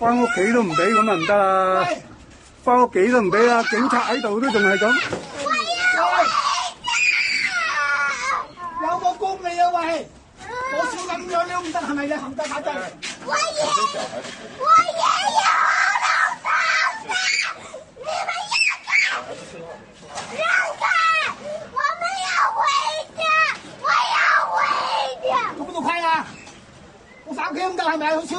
翻屋企都唔俾咁啊，唔得啦！翻屋企都唔俾啦，警察喺度都仲係咁。有冇功你啊喂？我先飲咗你唔得係咪啊？冚家板滯。我爺爺，我爺爺，我老豆，你們讓開！讓開！我們要回家，我要回家。咁多快啊？我翻屋企唔得係咪啊？好衰。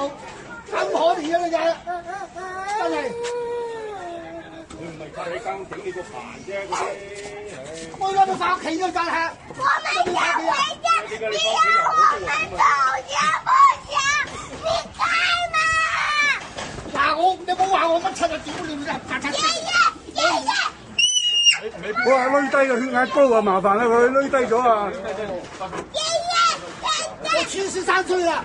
咁可恥啊！你真係，你唔係掛喺間屋整你個棚啫。我依家都翻起咗間屋。我們全家，你要我們走行不行？你開門！嗱我，你冇話我乜柒啊？做唔了啦，查察先。爺爺爺爺，我係瘀低個血壓高啊，麻煩啦，佢瘀低咗啊。爺爺爺爺，我七十三歲啦。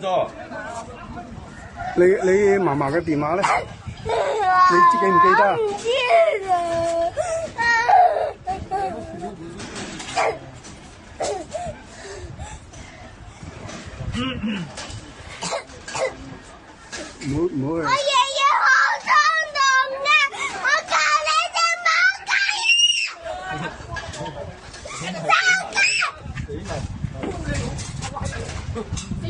坐，你你嫲嫲嘅電話咧？你自己唔記得啊？我爺爺好衝動啊！我求你哋唔好介意，收工。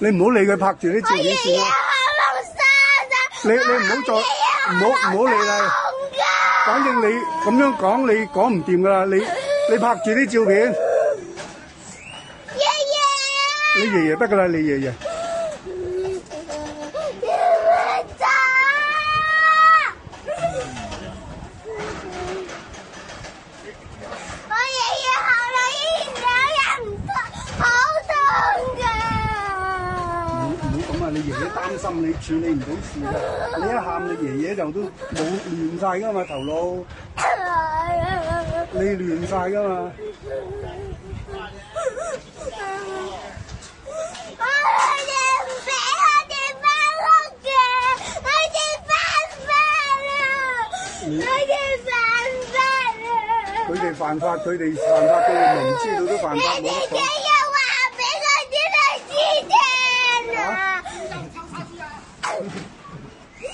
你唔好理佢拍住啲照片。我爺爺恐龍山啊！你你唔好再唔好唔好理啦。反正你咁樣講，你講唔掂噶啦，你你拍住啲照片。爺爺。你爺爺得噶啦，你爺爺。咁你處理唔到事啊！你一喊，你爺爺就都冇亂曬噶嘛，頭腦你亂曬噶嘛。我哋犯，我哋犯法嘅，我哋犯法啊！我哋犯法啊！佢哋犯法，佢哋犯法都要明知都犯法。